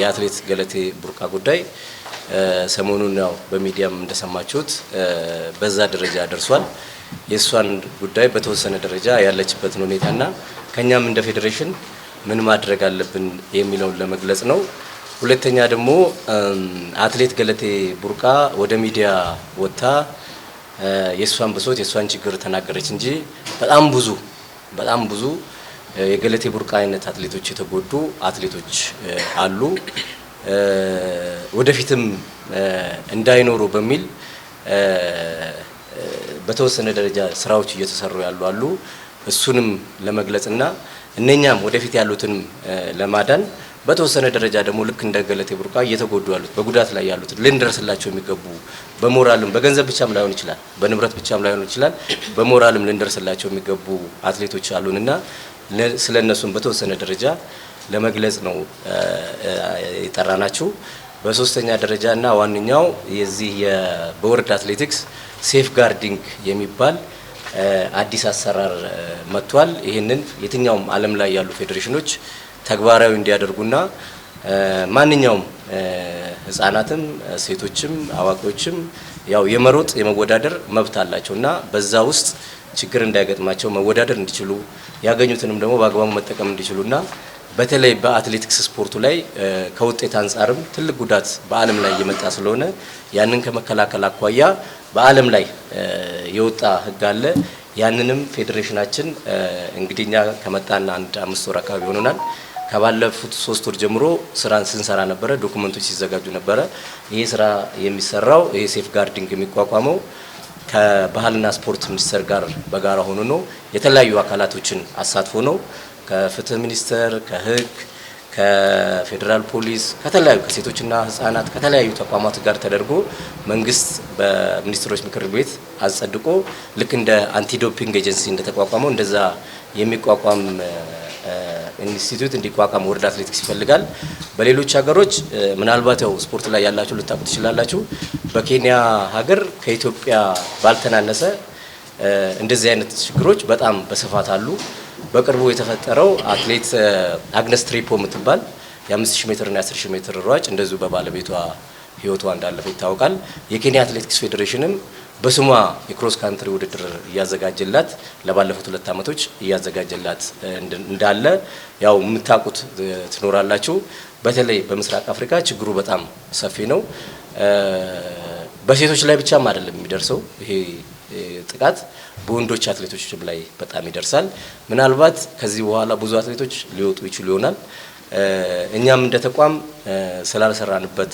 የአትሌት ገለቴ ቡርቃ ጉዳይ ሰሞኑን ያው በሚዲያም እንደሰማችሁት በዛ ደረጃ ደርሷል። የእሷን ጉዳይ በተወሰነ ደረጃ ያለችበትን ሁኔታና ከእኛም እንደ ፌዴሬሽን ምን ማድረግ አለብን የሚለውን ለመግለጽ ነው። ሁለተኛ ደግሞ አትሌት ገለቴ ቡርቃ ወደ ሚዲያ ወጥታ የእሷን ብሶት የእሷን ችግር ተናገረች እንጂ በጣም ብዙ በጣም ብዙ የገለቴ ቡርቃ አይነት አትሌቶች የተጎዱ አትሌቶች አሉ። ወደፊትም እንዳይኖሩ በሚል በተወሰነ ደረጃ ስራዎች እየተሰሩ ያሉ አሉ። እሱንም ለመግለጽና እነኛም ወደፊት ያሉትንም ለማዳን በተወሰነ ደረጃ ደግሞ ልክ እንደ ገለቴ ቡርቃ እየተጎዱ ያሉት በጉዳት ላይ ያሉት ልንደርስላቸው የሚገቡ በሞራልም በገንዘብ ብቻም ላይሆን ይችላል፣ በንብረት ብቻም ላይሆን ይችላል፣ በሞራልም ልንደርስላቸው የሚገቡ አትሌቶች አሉን እና ስለ እነሱም በተወሰነ ደረጃ ለመግለጽ ነው የጠራ ናችሁ። በሶስተኛ ደረጃ እና ዋነኛው የዚህ በወርልድ አትሌቲክስ ሴፍ ጋርዲንግ የሚባል አዲስ አሰራር መጥቷል። ይህንን የትኛውም ዓለም ላይ ያሉ ፌዴሬሽኖች ተግባራዊ እንዲያደርጉና ማንኛውም ህጻናትም ሴቶችም አዋቂዎችም ያው የመሮጥ የመወዳደር መብት አላቸው እና በዛ ውስጥ ችግር እንዳይገጥማቸው መወዳደር እንዲችሉ ያገኙትንም ደግሞ በአግባቡ መጠቀም እንዲችሉና በተለይ በአትሌቲክስ ስፖርቱ ላይ ከውጤት አንጻርም ትልቅ ጉዳት በዓለም ላይ እየመጣ ስለሆነ ያንን ከመከላከል አኳያ በዓለም ላይ የወጣ ህግ አለ። ያንንም ፌዴሬሽናችን እንግዲህ እኛ ከመጣን አንድ አምስት ወር አካባቢ ሆኖናል። ከባለፉት ሶስት ወር ጀምሮ ስራን ስንሰራ ነበረ። ዶክመንቶች ሲዘጋጁ ነበረ። ይሄ ስራ የሚሰራው ይሄ ሴፍ ጋርዲንግ የሚቋቋመው ከባህልና ስፖርት ሚኒስቴር ጋር በጋራ ሆኖ ነው። የተለያዩ አካላቶችን አሳትፎ ነው። ከፍትህ ሚኒስቴር፣ ከህግ፣ ከፌዴራል ፖሊስ፣ ከተለያዩ ከሴቶችና ህጻናት ከተለያዩ ተቋማት ጋር ተደርጎ መንግስት በሚኒስትሮች ምክር ቤት አጸድቆ ልክ እንደ አንቲዶፒንግ ኤጀንሲ እንደተቋቋመው እንደዛ የሚቋቋም ኢንስቲትዩት እንዲቋቋም ወርልድ አትሌቲክስ ይፈልጋል። በሌሎች ሀገሮች ምናልባት ያው ስፖርት ላይ ያላችሁ ልታውቁ ትችላላችሁ። በኬንያ ሀገር ከኢትዮጵያ ባልተናነሰ እንደዚህ አይነት ችግሮች በጣም በስፋት አሉ። በቅርቡ የተፈጠረው አትሌት አግነስ ትሪፖ የምትባል የ5000 ሜትር እና የ10000 ሜትር ሯጭ እንደዚሁ በባለቤቷ ህይወቷ እንዳለፈ ይታወቃል። የኬንያ አትሌቲክስ ፌዴሬሽንም በስሟ የክሮስ ካንትሪ ውድድር እያዘጋጀላት ለባለፉት ሁለት ዓመቶች እያዘጋጀላት እንዳለ ያው የምታውቁት ትኖራላችሁ። በተለይ በምስራቅ አፍሪካ ችግሩ በጣም ሰፊ ነው። በሴቶች ላይ ብቻም አይደለም የሚደርሰው ይሄ ጥቃት በወንዶች አትሌቶችም ላይ በጣም ይደርሳል። ምናልባት ከዚህ በኋላ ብዙ አትሌቶች ሊወጡ ይችሉ ይሆናል። እኛም እንደ ተቋም ስላልሰራንበት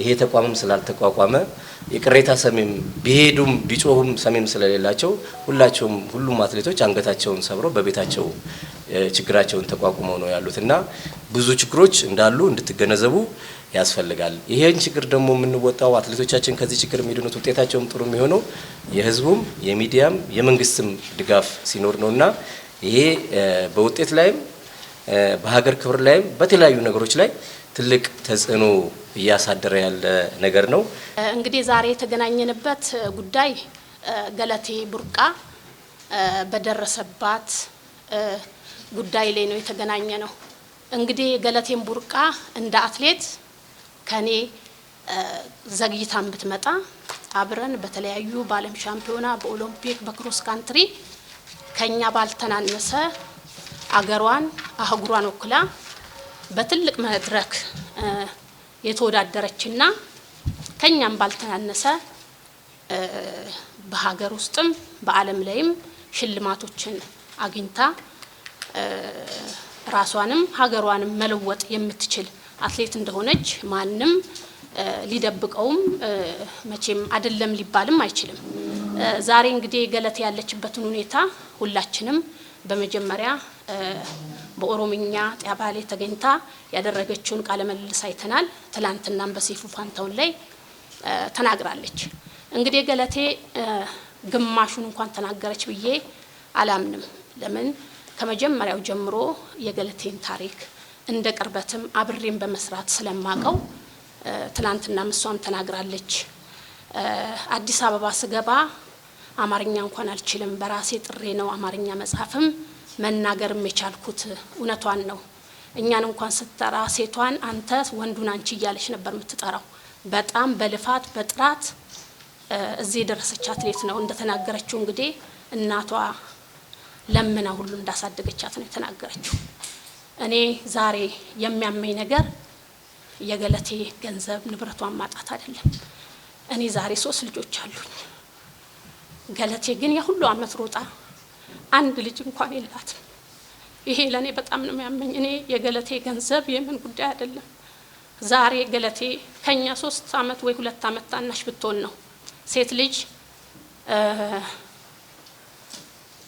ይሄ ተቋምም ስላልተቋቋመ የቅሬታ ሰሜም ቢሄዱም ቢጮሁም ሰሜም ስለሌላቸው ሁላቸውም ሁሉም አትሌቶች አንገታቸውን ሰብረው በቤታቸው ችግራቸውን ተቋቁመው ነው ያሉት እና ብዙ ችግሮች እንዳሉ እንድትገነዘቡ ያስፈልጋል። ይሄን ችግር ደግሞ የምንወጣው አትሌቶቻችን ከዚህ ችግር የሚድኑት ውጤታቸውም ጥሩ የሚሆነው የህዝቡም የሚዲያም የመንግስትም ድጋፍ ሲኖር ነው እና ይሄ በውጤት ላይም በሀገር ክብር ላይም በተለያዩ ነገሮች ላይ ትልቅ ተጽዕኖ እያሳደረ ያለ ነገር ነው። እንግዲህ ዛሬ የተገናኘንበት ጉዳይ ገለቴ ቡርቃ በደረሰባት ጉዳይ ላይ ነው የተገናኘ ነው። እንግዲህ ገለቴን ቡርቃ እንደ አትሌት ከኔ ዘግይታን ብትመጣ አብረን በተለያዩ በዓለም ሻምፒዮና በኦሎምፒክ በክሮስ ካንትሪ ከኛ ባልተናነሰ አገሯን አህጉሯን ወክላ በትልቅ መድረክ የተወዳደረችና ከኛም ባልተናነሰ በሀገር ውስጥም በዓለም ላይም ሽልማቶችን አግኝታ ራሷንም ሀገሯንም መለወጥ የምትችል አትሌት እንደሆነች ማንም ሊደብቀውም መቼም አይደለም ሊባልም አይችልም። ዛሬ እንግዲህ ገለቴ ያለችበትን ሁኔታ ሁላችንም በመጀመሪያ በኦሮምኛ ላይ ተገኝታ ያደረገችውን ቃለ ምልልስ አይተናል። ትላንትናም በሰይፉ ፋንታውን ላይ ተናግራለች። እንግዲህ ገለቴ ግማሹን እንኳን ተናገረች ብዬ አላምንም። ለምን ከመጀመሪያው ጀምሮ የገለቴን ታሪክ እንደ ቅርበትም አብሬን በመስራት ስለማቀው ትላንትናም እሷም ተናግራለች። አዲስ አበባ ስገባ አማርኛ እንኳን አልችልም፣ በራሴ ጥሬ ነው። አማርኛ መጽሐፍም መናገርም የቻልኩት እውነቷን ነው። እኛን እንኳን ስትጠራ ሴቷን አንተ ወንዱን አንቺ እያለች ነበር የምትጠራው። በጣም በልፋት በጥራት እዚህ የደረሰች አትሌት ነው። እንደተናገረችው እንግዲህ እናቷ ለምና ሁሉ እንዳሳደገቻት ነው የተናገረችው። እኔ ዛሬ የሚያመኝ ነገር የገለቴ ገንዘብ ንብረቷን ማጣት አይደለም። እኔ ዛሬ ሶስት ልጆች አሉኝ። ገለቴ ግን የሁሉ አመት ሮጣ አንድ ልጅ እንኳን የላትም። ይሄ ለእኔ በጣም ነው የሚያመኝ። እኔ የገለቴ ገንዘብ የምን ጉዳይ አይደለም። ዛሬ ገለቴ ከኛ ሶስት አመት ወይ ሁለት አመት ታናሽ ብትሆን ነው ሴት ልጅ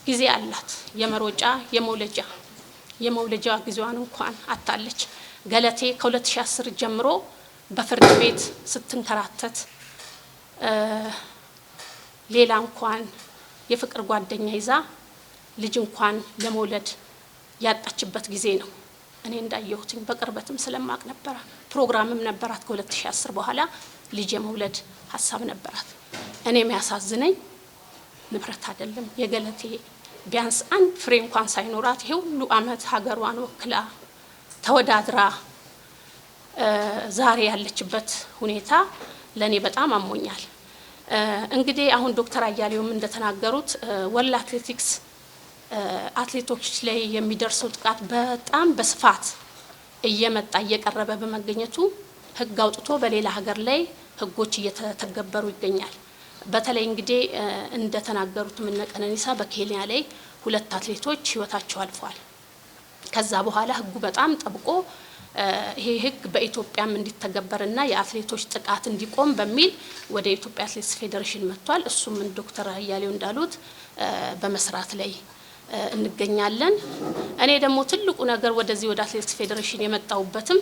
ጊዜ አላት። የመሮጫ የመውለጃ የመውለጃ ጊዜዋን እንኳን አታለች። ገለቴ ከ2010 ጀምሮ በፍርድ ቤት ስትንከራተት ሌላ እንኳን የፍቅር ጓደኛ ይዛ ልጅ እንኳን ለመውለድ ያጣችበት ጊዜ ነው። እኔ እንዳየሁትኝ በቅርበትም ስለማቅ ነበረ። ፕሮግራምም ነበራት ከ2010 በኋላ ልጅ የመውለድ ሀሳብ ነበራት። እኔ የሚያሳዝነኝ ንብረት አይደለም የገለቴ ቢያንስ አንድ ፍሬ እንኳን ሳይኖራት ይሄ ሁሉ አመት ሀገሯን ወክላ ተወዳድራ ዛሬ ያለችበት ሁኔታ ለእኔ በጣም አሞኛል። እንግዲህ አሁን ዶክተር አያሌውም እንደተናገሩት ወላ አትሌቲክስ አትሌቶች ላይ የሚደርሰው ጥቃት በጣም በስፋት እየመጣ እየቀረበ በመገኘቱ ህግ አውጥቶ በሌላ ሀገር ላይ ህጎች እየተተገበሩ ይገኛል። በተለይ እንግዲህ እንደተናገሩትም እነ ቀነኒሳ በኬንያ ላይ ሁለት አትሌቶች ህይወታቸው አልፏል። ከዛ በኋላ ህጉ በጣም ጠብቆ ይሄ ህግ በኢትዮጵያም እንዲተገበርና የአትሌቶች ጥቃት እንዲቆም በሚል ወደ ኢትዮጵያ አትሌቲክስ ፌዴሬሽን መጥቷል። እሱም ዶክተር አያሌው እንዳሉት በመስራት ላይ እንገኛለን። እኔ ደግሞ ትልቁ ነገር ወደዚህ ወደ አትሌቲክስ ፌዴሬሽን የመጣሁበትም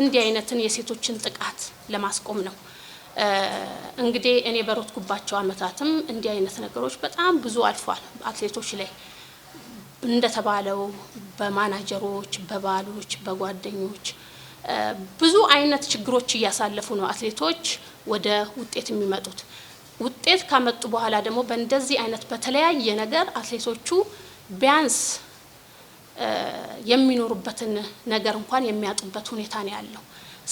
እንዲህ አይነትን የሴቶችን ጥቃት ለማስቆም ነው። እንግዲህ እኔ በሮትኩባቸው አመታትም እንዲህ አይነት ነገሮች በጣም ብዙ አልፏል። አትሌቶች ላይ እንደተባለው በማናጀሮች፣ በባሎች፣ በጓደኞች ብዙ አይነት ችግሮች እያሳለፉ ነው አትሌቶች ወደ ውጤት የሚመጡት። ውጤት ካመጡ በኋላ ደግሞ በእንደዚህ አይነት በተለያየ ነገር አትሌቶቹ ቢያንስ የሚኖሩበትን ነገር እንኳን የሚያጡበት ሁኔታ ነው ያለው።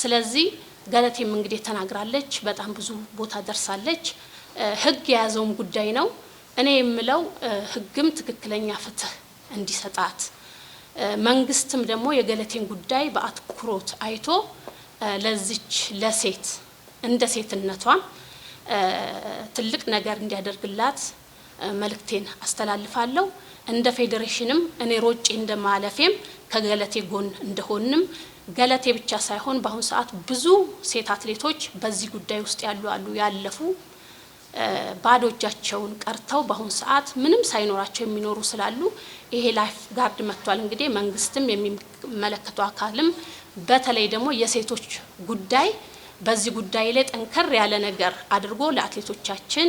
ስለዚህ ገለቴም እንግዲህ ተናግራለች፣ በጣም ብዙ ቦታ ደርሳለች። ህግ የያዘውም ጉዳይ ነው። እኔ የምለው ህግም ትክክለኛ ፍትህ እንዲሰጣት መንግስትም ደግሞ የገለቴን ጉዳይ በአትኩሮት አይቶ ለዚች ለሴት እንደ ሴትነቷም ትልቅ ነገር እንዲያደርግላት መልእክቴን አስተላልፋለሁ። እንደ ፌዴሬሽንም እኔ ሮጬ እንደማለፌም ከገለቴ ጎን እንደሆንም ገለቴ ብቻ ሳይሆን በአሁኑ ሰዓት ብዙ ሴት አትሌቶች በዚህ ጉዳይ ውስጥ ያሉ አሉ ያለፉ ባዶ እጃቸውን ቀርተው በአሁኑ ሰዓት ምንም ሳይኖራቸው የሚኖሩ ስላሉ ይሄ ላይፍ ጋርድ መጥቷል። እንግዲህ መንግስትም የሚመለከተው አካልም በተለይ ደግሞ የሴቶች ጉዳይ በዚህ ጉዳይ ላይ ጠንከር ያለ ነገር አድርጎ ለአትሌቶቻችን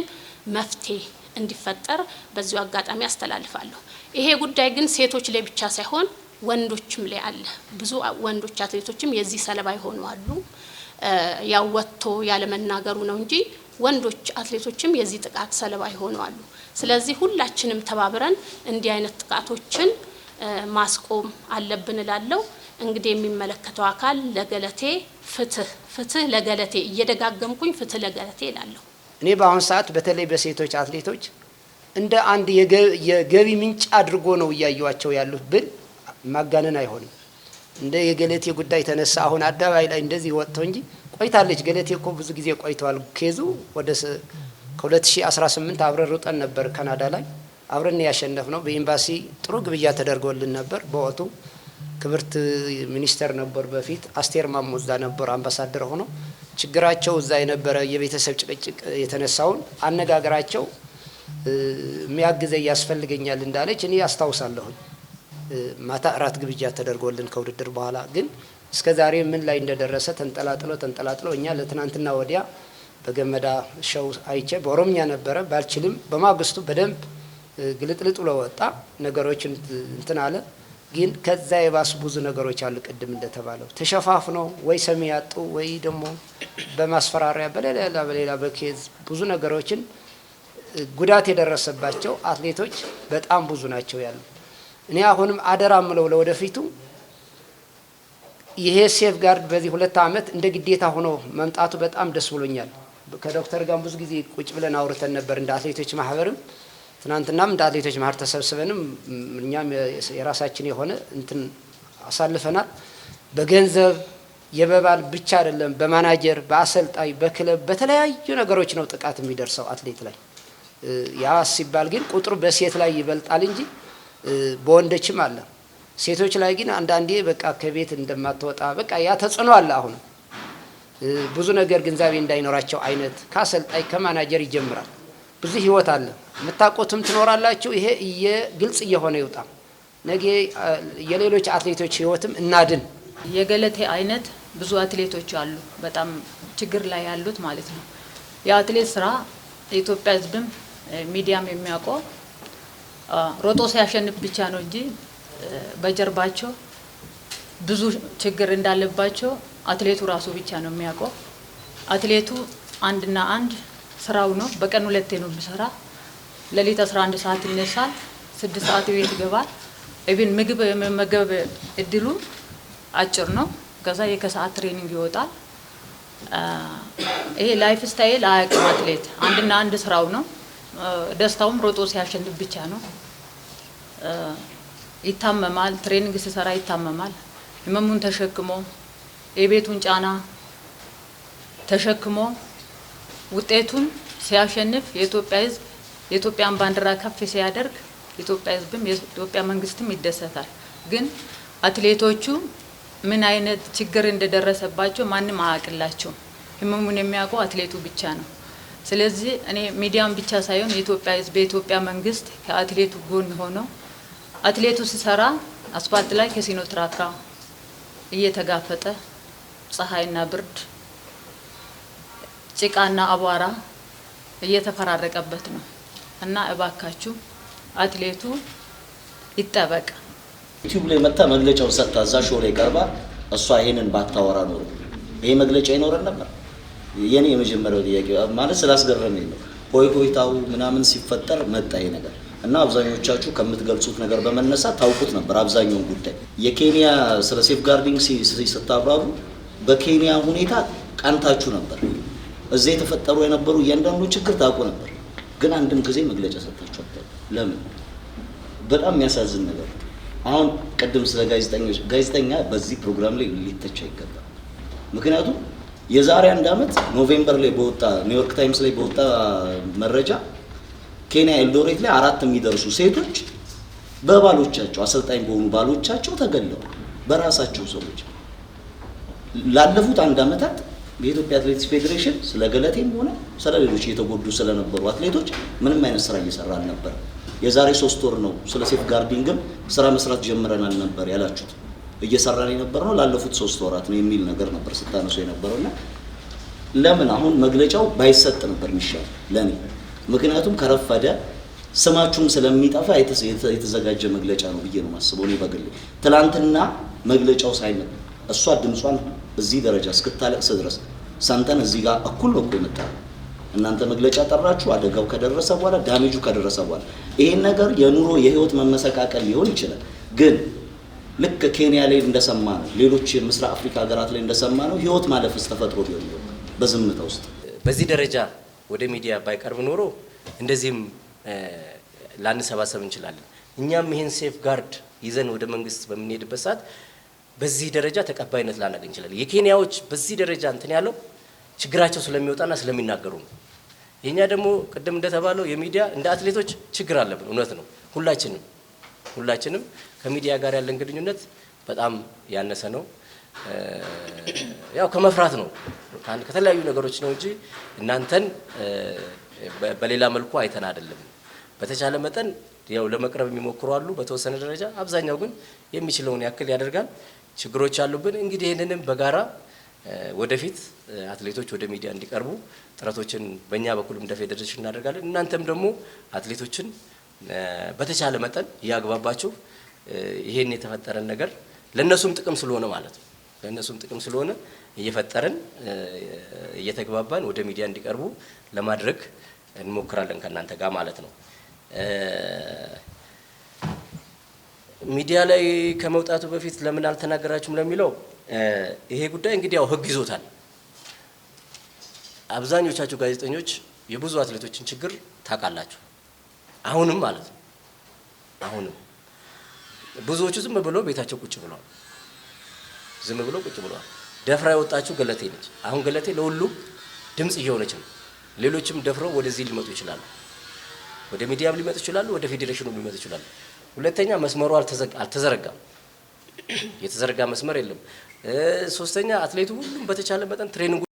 መፍትሄ እንዲፈጠር በዚሁ አጋጣሚ አስተላልፋለሁ። ይሄ ጉዳይ ግን ሴቶች ላይ ብቻ ሳይሆን ወንዶችም ላይ አለ። ብዙ ወንዶች አትሌቶችም የዚህ ሰለባ የሆኑ አሉ። ያው ወጥቶ ያለመናገሩ ነው እንጂ ወንዶች አትሌቶችም የዚህ ጥቃት ሰለባ የሆኑ አሉ። ስለዚህ ሁላችንም ተባብረን እንዲህ አይነት ጥቃቶችን ማስቆም አለብን እላለሁ። እንግዲህ የሚመለከተው አካል ለገለቴ ፍትህ፣ ፍትህ ለገለቴ እየደጋገምኩኝ ፍትህ ለገለቴ እላለሁ። እኔ በአሁኑ ሰዓት በተለይ በሴቶች አትሌቶች እንደ አንድ የገቢ ምንጭ አድርጎ ነው እያዩዋቸው ያሉት ብል ማጋነን አይሆንም። እንደ የገለቴ ጉዳይ ተነሳ አሁን አደባባይ ላይ እንደዚህ ወጥቶ እንጂ ቆይታለች። ገለቴ እኮ ብዙ ጊዜ ቆይተዋል። ኬዙ ወደ ከ2018 አብረን ሩጠን ነበር ካናዳ ላይ አብረን ያሸነፍ ነው። በኤምባሲ ጥሩ ግብያ ተደርጎልን ነበር። በወቱ ክብርት ሚኒስተር ነበር በፊት አስቴር ማሞዛ ነበር አምባሳደር ሆኖ ችግራቸው እዛ የነበረ የቤተሰብ ጭቅጭቅ የተነሳውን አነጋገራቸው የሚያግዘኝ ያስፈልገኛል እንዳለች እኔ አስታውሳለሁኝ። ማታ እራት ግብዣ ተደርጎልን ከውድድር በኋላ ግን እስከ ዛሬ ምን ላይ እንደደረሰ ተንጠላጥሎ ተንጠላጥሎ እኛ ለትናንትና ወዲያ በገመዳ ሸው አይቼ በኦሮምኛ ነበረ ባልችልም በማግስቱ በደንብ ግልጥልጥ ብሎ ወጣ ነገሮችን እንትን አለ። ግን ከዛ የባሱ ብዙ ነገሮች አሉ። ቅድም እንደተባለው ተሸፋፍኖ ወይ ሰሚ ያጡ ወይ ደግሞ በማስፈራሪያ በሌላ በሌላ በኬዝ ብዙ ነገሮችን ጉዳት የደረሰባቸው አትሌቶች በጣም ብዙ ናቸው ያሉ። እኔ አሁንም አደራ ምለው ለወደፊቱ ይሄ ሴፍ ጋርድ በዚህ ሁለት ዓመት እንደ ግዴታ ሆኖ መምጣቱ በጣም ደስ ብሎኛል። ከዶክተር ጋር ብዙ ጊዜ ቁጭ ብለን አውርተን ነበር እንደ አትሌቶች ማህበርም ትናንትናም እንደ አትሌቶች ማህር ተሰብስበንም እኛም የራሳችን የሆነ እንትን አሳልፈናል። በገንዘብ የመባል ብቻ አይደለም፣ በማናጀር በአሰልጣኝ በክለብ በተለያዩ ነገሮች ነው ጥቃት የሚደርሰው አትሌት ላይ። ያ ሲባል ግን ቁጥሩ በሴት ላይ ይበልጣል እንጂ በወንዶችም አለ። ሴቶች ላይ ግን አንዳንዴ በቃ ከቤት እንደማትወጣ በቃ ያ ተጽዕኖ አለ። አሁን ብዙ ነገር ግንዛቤ እንዳይኖራቸው አይነት ከአሰልጣኝ ከማናጀር ይጀምራል። ብዙ ህይወት አለ። የምታውቁትም ትኖራላችሁ። ይሄ ግልጽ እየሆነ ይውጣ። ነገ የሌሎች አትሌቶች ህይወትም እናድን። የገለቴ አይነት ብዙ አትሌቶች አሉ፣ በጣም ችግር ላይ ያሉት ማለት ነው። የአትሌት ስራ የኢትዮጵያ ህዝብም ሚዲያም የሚያውቀው ሮጦ ሲያሸንፍ ብቻ ነው እንጂ በጀርባቸው ብዙ ችግር እንዳለባቸው አትሌቱ ራሱ ብቻ ነው የሚያውቀው። አትሌቱ አንድና አንድ ስራው ነው። በቀን ሁለቴ ነው ብሰራ። ሌሊት 11 ሰዓት ይነሳል፣ ስድስት ሰዓት ቤት ይገባል። ኢቭን ምግብ የመመገብ እድሉ አጭር ነው። ከዛ የከሰዓት ትሬኒንግ ይወጣል። ይሄ ላይፍ ስታይል አያውቅም አትሌት። አንድና አንድ ስራው ነው። ደስታውም ሮጦ ሲያሸንፍ ብቻ ነው። ይታመማል። ትሬኒንግ ሲሰራ ይታመማል። ህመሙን ተሸክሞ የቤቱን ጫና ተሸክሞ ውጤቱም ሲያሸንፍ የኢትዮጵያ ህዝብ የኢትዮጵያን ባንዲራ ከፍ ሲያደርግ የኢትዮጵያ ህዝብም የኢትዮጵያ መንግስትም ይደሰታል። ግን አትሌቶቹ ምን አይነት ችግር እንደደረሰባቸው ማንም አያውቅላቸውም። ህመሙን የሚያውቁ አትሌቱ ብቻ ነው። ስለዚህ እኔ ሚዲያም ብቻ ሳይሆን የኢትዮጵያ ህዝብ የኢትዮጵያ መንግስት ከአትሌቱ ጎን ሆኖ አትሌቱ ሲሰራ አስፋልት ላይ ከሲኖትራክ እየተጋፈጠ ፀሐይና ብርድ ጭቃና አቧራ እየተፈራረቀበት ነው እና እባካችሁ አትሌቱ ይጠበቅ። ዩቲዩብ ላይ መታ መግለጫውን ሰጥታ እዛ ሾው ላይ ቀርባ እሷ ይሄንን ባታወራ ኖሮ ይሄ መግለጫ ይኖረን ነበር። የኔ የመጀመሪያው ጥያቄ ማለት ስላስገረመኝ ነው። ሆይ ሆይታው ምናምን ሲፈጠር መጣ ይሄ ነገር እና አብዛኞቻችሁ ከምትገልጹት ነገር በመነሳት ታውቁት ነበር አብዛኛውን ጉዳይ። የኬንያ ስለ ሴፍ ጋርዲንግ ስታብራሩ በኬንያ ሁኔታ ቀንታችሁ ነበር። እዛ የተፈጠሩ የነበሩ እያንዳንዱ ችግር ታውቁ ነበር፣ ግን አንድም ጊዜ መግለጫ ሰጥታችሁ ለምን? በጣም የሚያሳዝን ነገር አሁን ቅድም ስለ ጋዜጠኞች ጋዜጠኛ በዚህ ፕሮግራም ላይ ሊተቻ ይገባል። ምክንያቱም የዛሬ አንድ ዓመት ኖቬምበር ላይ በወጣ ኒውዮርክ ታይምስ ላይ በወጣ መረጃ ኬንያ ኤልዶሬት ላይ አራት የሚደርሱ ሴቶች በባሎቻቸው አሰልጣኝ በሆኑ ባሎቻቸው ተገለዋል። በራሳቸው ሰዎች ላለፉት አንድ ዓመታት የኢትዮጵያ አትሌቲክስ ፌዴሬሽን ስለ ገለቴም ሆነ ስለ ሌሎች ስለነበሩ አትሌቶች ምንም አይነት ስራ እየሰራ አልነበር። የዛሬ ሶስት ወር ነው ስለ ሴፍ ጋርዲንግም ስራ መስራት ጀምረናል ነበር ያላችሁት። እየሰራን የነበር ነው ላለፉት ሶስት ወራት ነው የሚል ነገር ነበር ስታነሱ የነበረውና ለምን አሁን መግለጫው ባይሰጥ ነበር የሚሻል ለኔ። ምክንያቱም ከረፈደ ስማችሁም ስለሚጠፋ የተዘጋጀ መግለጫ ነው ብዬ ነው ማስበው። እኔ በግል ትላንትና መግለጫው ሳይመጣ እሷ ድምጿን እዚህ ደረጃ እስክታለቅስ ድረስ ሰምተን እዚህ ጋር እኩል ነው እኮ የመጣ እናንተ መግለጫ ጠራችሁ። አደጋው ከደረሰ በኋላ ዳሜጁ ከደረሰ በኋላ ይሄን ነገር የኑሮ የህይወት መመሰቃቀል ሊሆን ይችላል። ግን ልክ ኬንያ ላይ እንደሰማ ነው፣ ሌሎች ምስራቅ አፍሪካ ሀገራት ላይ እንደሰማ ነው። ህይወት ማለፍስ ተፈጥሮ ሊሆን በዝምታ ውስጥ በዚህ ደረጃ ወደ ሚዲያ ባይቀርብ ኖሮ እንደዚህም ላንሰባሰብ እንችላለን። እኛም ይህን ሴፍ ጋርድ ይዘን ወደ መንግስት በምንሄድበት ሰዓት በዚህ ደረጃ ተቀባይነት ላናገኝ እንችላለን። የኬንያዎች በዚህ ደረጃ እንትን ያለው ችግራቸው ስለሚወጣና ስለሚናገሩ ነው። የእኛ ደግሞ ቅድም እንደተባለው የሚዲያ እንደ አትሌቶች ችግር አለብን። እውነት ነው። ሁላችንም ሁላችንም ከሚዲያ ጋር ያለን ግንኙነት በጣም ያነሰ ነው። ያው ከመፍራት ነው ከተለያዩ ነገሮች ነው እንጂ እናንተን በሌላ መልኩ አይተን አይደለም። በተቻለ መጠን ያው ለመቅረብ የሚሞክሩ አሉ በተወሰነ ደረጃ፣ አብዛኛው ግን የሚችለውን ያክል ያደርጋል። ችግሮች አሉብን። እንግዲህ ይህንንም በጋራ ወደፊት አትሌቶች ወደ ሚዲያ እንዲቀርቡ ጥረቶችን በእኛ በኩልም እንደ ፌዴሬሽን እናደርጋለን። እናንተም ደግሞ አትሌቶችን በተቻለ መጠን እያግባባችሁ ይሄን የተፈጠረን ነገር ለእነሱም ጥቅም ስለሆነ ማለት ነው ለእነሱም ጥቅም ስለሆነ እየፈጠርን እየተግባባን ወደ ሚዲያ እንዲቀርቡ ለማድረግ እንሞክራለን ከእናንተ ጋር ማለት ነው። ሚዲያ ላይ ከመውጣቱ በፊት ለምን አልተናገራችሁም ለሚለው ይሄ ጉዳይ እንግዲህ ያው ህግ ይዞታል። አብዛኞቻችሁ ጋዜጠኞች የብዙ አትሌቶችን ችግር ታውቃላችሁ። አሁንም ማለት ነው። አሁንም ብዙዎቹ ዝም ብሎ ቤታቸው ቁጭ ብለዋል። ዝም ብሎ ቁጭ ብለዋል። ደፍራ የወጣችሁ ገለቴ ነች። አሁን ገለቴ ለሁሉም ድምፅ እየሆነች ነው። ሌሎችም ደፍረው ወደዚህ ሊመጡ ይችላሉ። ወደ ሚዲያም ሊመጡ ይችላሉ። ወደ ፌዴሬሽኑ ሊመጡ ይችላሉ። ሁለተኛ መስመሩ አልተዘረጋም፣ የተዘረጋ መስመር የለም። ሶስተኛ አትሌቱ ሁሉም በተቻለ መጠን ትሬኒንግ